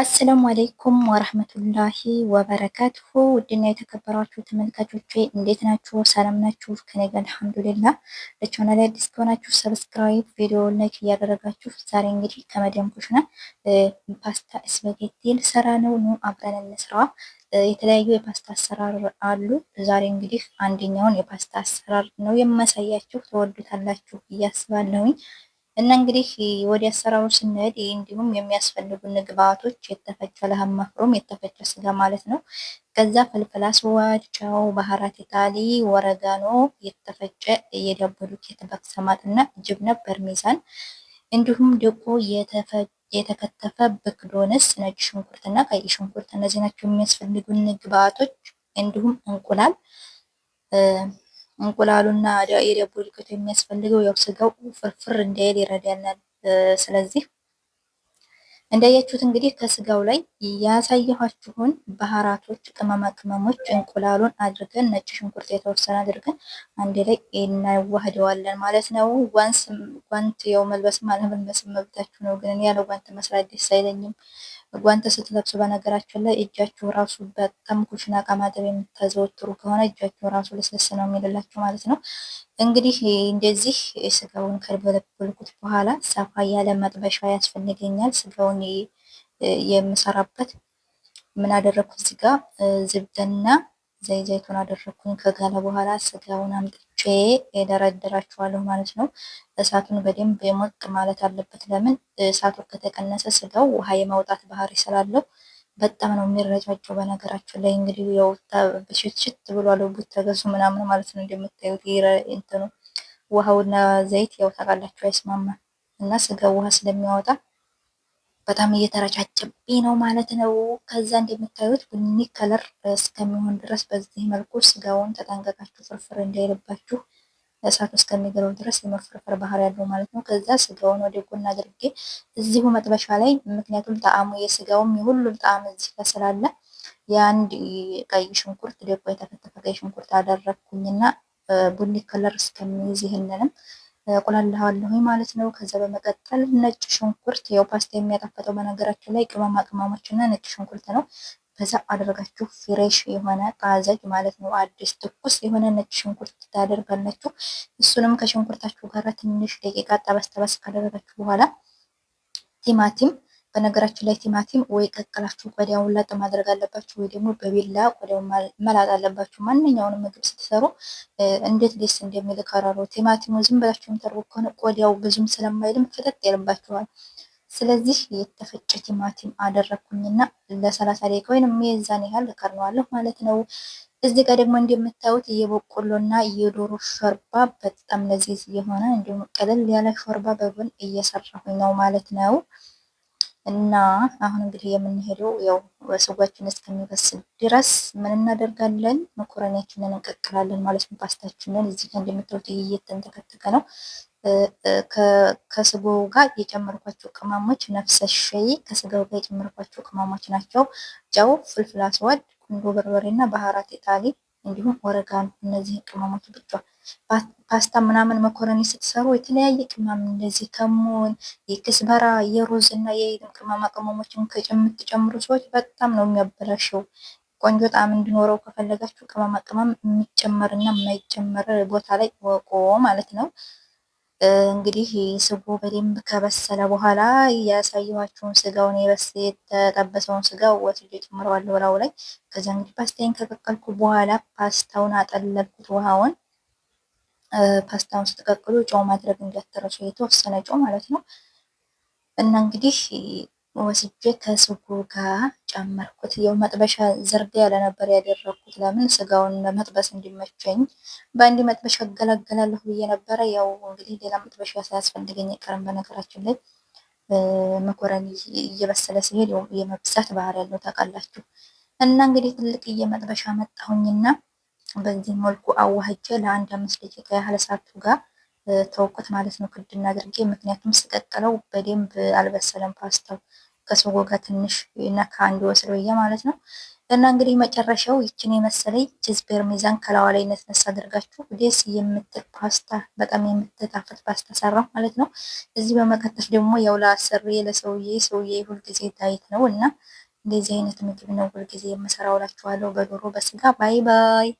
አሰላሙ አለይኩም ወረህመቱላሂ ወበረካቱሁ ውድና የተከበሯችሁ ተመልካቾቼ እንዴት ናችሁ? ሰላም ናችሁ? ከኔ ጋር አልሐምዱሊላህ። ለቻናሌ አዲስ ከሆናችሁ ሰብስክራይብ፣ ቪዲዮ ላይክ እያደረጋችሁ ዛሬ እንግዲህ ከመዲያም ኩሽና ፓስታ ስፓጌቲ ልሰራ ነው። ኑ አብረን እንስራዋ። የተለያዩ የፓስታ አሰራር አሉ። ዛሬ እንግዲህ አንደኛውን የፓስታ አሰራር ነው የማሳያችሁ። ተወዱታላችሁ እያስባለሁኝ እና እንግዲህ ወደ አሰራሩ ስንሄድ እንዲሁም የሚያስፈልጉን ግብአቶች የተፈጨ ለሀም መፍሮም የተፈጨ ስጋ ማለት ነው። ከዛ ፍልፍል አስዋድ፣ ጨው፣ ባህራት ኢታሊ፣ ወረጋኖ፣ የተፈጨ የዳቦ ዱቄት በቅሰማጥ እና ጅብነ በርሜዛን እንዲሁም ደግሞ የተከተፈ ብክዶንስ፣ ነጭ ሽንኩርት እና ቀይ ሽንኩርት እነዚህ ናቸው የሚያስፈልጉን ግብአቶች። እንዲሁም እንቁላል እንቁላሉና የዳቦ ዱቄቱ የሚያስፈልገው ያው ስጋው ፍርፍር እንዳይል ይረዳናል። ስለዚህ እንዳያችሁት እንግዲህ ከስጋው ላይ ያሳየኋችሁን ባህራቶች፣ ቅመማ ቅመሞች እንቁላሉን አድርገን ነጭ ሽንኩርት የተወሰነ አድርገን አንድ ላይ እናዋህደዋለን ማለት ነው። ጓንት ያው መልበስም አለመልበስም መብታችሁ ነው። ግን ያለ ጓንት መስራት ደስ አይለኝም። ጓንት ስትለብሱ በነገራችን ላይ እጃችሁ ራሱ በጣም ኩሽና እቃ ማጠብ የምታዘወትሩ ከሆነ እጃችሁ ራሱ ልስልስ ነው የሚልላችሁ ማለት ነው። እንግዲህ እንደዚህ ስጋውን ከበለበልኩት በኋላ ሰፋ ያለ መጥበሻ ያስፈልገኛል። ስጋውን የምሰራበት ምን አደረግኩ እዚህ ጋር ዝብደና ዘይ ዘይቱን አደረግኩኝ። ከጋለ በኋላ ስጋውን አምጥቼ የደረድራችኋለሁ ማለት ነው። እሳቱን በደንብ የሞቅ ማለት አለበት። ለምን እሳቱ ከተቀነሰ ስጋው ውሃ የማውጣት ባህሪ ስላለው በጣም ነው የሚረጫቸው። በነገራችን ላይ እንግዲህ የወጣ ሽትሽት ብሏል። ቡት ተገዙ ምናምን ማለት ነው። እንደምታዩት እንትኑ ውሃውና ዘይት ያው ታውቃላችሁ አይስማማም እና ስጋው ውሃ ስለሚያወጣ በጣም እየተረጫጨብኝ ነው ማለት ነው። ከዛ እንደምታዩት ቡኒ ከለር እስከሚሆን ድረስ በዚህ መልኩ ስጋውን ተጠንቀቃችሁ ፍርፍር እንዳይልባችሁ እሳቱ እስከሚገባው ድረስ የመፍርፍር ባህር ያለው ማለት ነው። ከዛ ስጋውን ወደ ጎን አድርጌ እዚሁ መጥበሻ ላይ ምክንያቱም ጣዕሙ የስጋውም የሁሉም ጣዕም እዚህ ጋር የአንድ ቀይ ሽንኩርት ደቆ የተከተፈ ቀይ ሽንኩርት አደረግኩኝና ቡኒ ከለር እስከሚይዝ ይህንንም እቆላለዋለሁኝ ማለት ነው። ከዛ በመቀጠል ነጭ ሽንኩርት ያው ፓስታ የሚያጣፈጠው በነገራችን ላይ ቅመማ ቅመሞች እና ነጭ ሽንኩርት ነው። በዛ አደረጋችሁ ፍሬሽ የሆነ ጣዘጅ ማለት ነው አዲስ ትኩስ የሆነ ነጭ ሽንኩርት ታደርጋላችሁ። እሱንም ከሽንኩርታችሁ ጋር ትንሽ ደቂቃ ጠበስ ጠበስ ካደረጋችሁ በኋላ ቲማቲም በነገራችን ላይ ቲማቲም ወይ ቀቀላችሁ ቆዳውን ላጥ ማድረግ አለባችሁ፣ ወይ ደግሞ በቢላ ቆዳውን መላጥ አለባችሁ። ማንኛውንም ምግብ ስትሰሩ እንዴት ደስ እንደሚል ከረሩ። ቲማቲሙ ዝም ብላችሁም ተርቦ ከሆነ ቆዳው ብዙም ስለማይልም ፍጠጥ ያልባችኋል። ስለዚህ የተፈጨ ቲማቲም አደረግኩኝና ለሰላሳ ደቂቃ ወይም የዛን ያህል ከርነዋለሁ ማለት ነው። እዚህ ጋር ደግሞ እንደምታዩት የበቆሎና የዶሮ ሾርባ በጣም ለዚህ የሆነ እንዲሁም ቀለል ያለ ሾርባ በጎን እየሰራሁኝ ነው ማለት ነው። እና አሁን እንግዲህ የምንሄደው ያው ስጓችን እስከሚበስል ድረስ ምን እናደርጋለን? መኮረኒያችንን እንቀቅላለን ማለት ነው። ፓስታችንን እዚህ ጋር እንደምታዩት እየተንተከተከ ነው። ከስጎው ጋር የጨመርኳቸው ቅመሞች ነፍሰ ሸይ ከስጋው ጋር የጨመርኳቸው ቅመሞች ናቸው። ጨው፣ ፍልፍል አስዋድ፣ ቁንዶ በርበሬ እና ባህራት ኢጣሊ እንዲሁም ኦረጋን። እነዚህ ቅመሞች ብቻ ፓስታ ምናምን መኮረኒ ስትሰሩ የተለያየ ቅመም እንደዚህ ከሙን፣ የክስበራ፣ የሩዝ እና ቅመማ ቅመሞችን የምትጨምሩ ሰዎች በጣም ነው የሚያበላሸው። ቆንጆ ጣዕም እንዲኖረው ከፈለጋችሁ ቅመማ ቅመም የሚጨመር እና የማይጨመር ቦታ ላይ ወቆ ማለት ነው። እንግዲህ ስጎ በደንብ ከበሰለ በኋላ ያሳየኋችሁን ስጋውን የተጠበሰውን ስጋ ወስጆ ጨምረዋለሁ ላዩ ላይ። ከዚያ እንግዲህ ፓስታዬን ከቀቀልኩ በኋላ ፓስታውን አጠለልኩት ውሃውን ፓስታውን ስትቀቅሉ ጨው ማድረግ እንዳትረሱ፣ የተወሰነ ጨው ማለት ነው። እና እንግዲህ ወስጄ ከስጉ ጋር ጨመርኩት። ያው መጥበሻ ዘርጋ ያለ ነበር ያደረግኩት። ለምን ስጋውን ለመጥበስ እንዲመቸኝ በአንድ መጥበሻ እገላገላለሁ ብዬ ነበረ። ያው እንግዲህ ሌላ መጥበሻ ሳያስፈልገኝ ቀርም። በነገራችን ላይ መኮረኒ እየበሰለ ሲሄድ የመብዛት ባህር ያለው ታውቃላችሁ። እና እንግዲህ ትልቅዬ መጥበሻ መጣሁኝና በዚህ መልኩ አዋህጀ ለአንድ አምስት ደቂቃ ያህል እሳቱ ጋር ተውኩት ማለት ነው። ክድና አድርጌ ምክንያቱም ስቀጥለው በደንብ አልበሰለም ፓስታው ከስጎ ጋር ትንሽ ነካ እንዲወስድ ብዬ ማለት ነው። እና እንግዲህ መጨረሻው ይችን የመሰለኝ ቺዝ ፓርሜዛን ከላዋ ላይ ነስነስ አድርጋችሁ ደስ የምትል ፓስታ በጣም የምትጣፍጥ ፓስታ ሰራሁ ማለት ነው። እዚህ በመቀጠል ደግሞ ያው ለአሰሪ ለሰውዬ ሰውዬ ሁልጊዜ ዳይት ነው እና እንደዚህ አይነት ምግብ ነው ሁልጊዜ የምሰራው እላችኋለሁ። በዶሮ በስጋ ባይ ባይ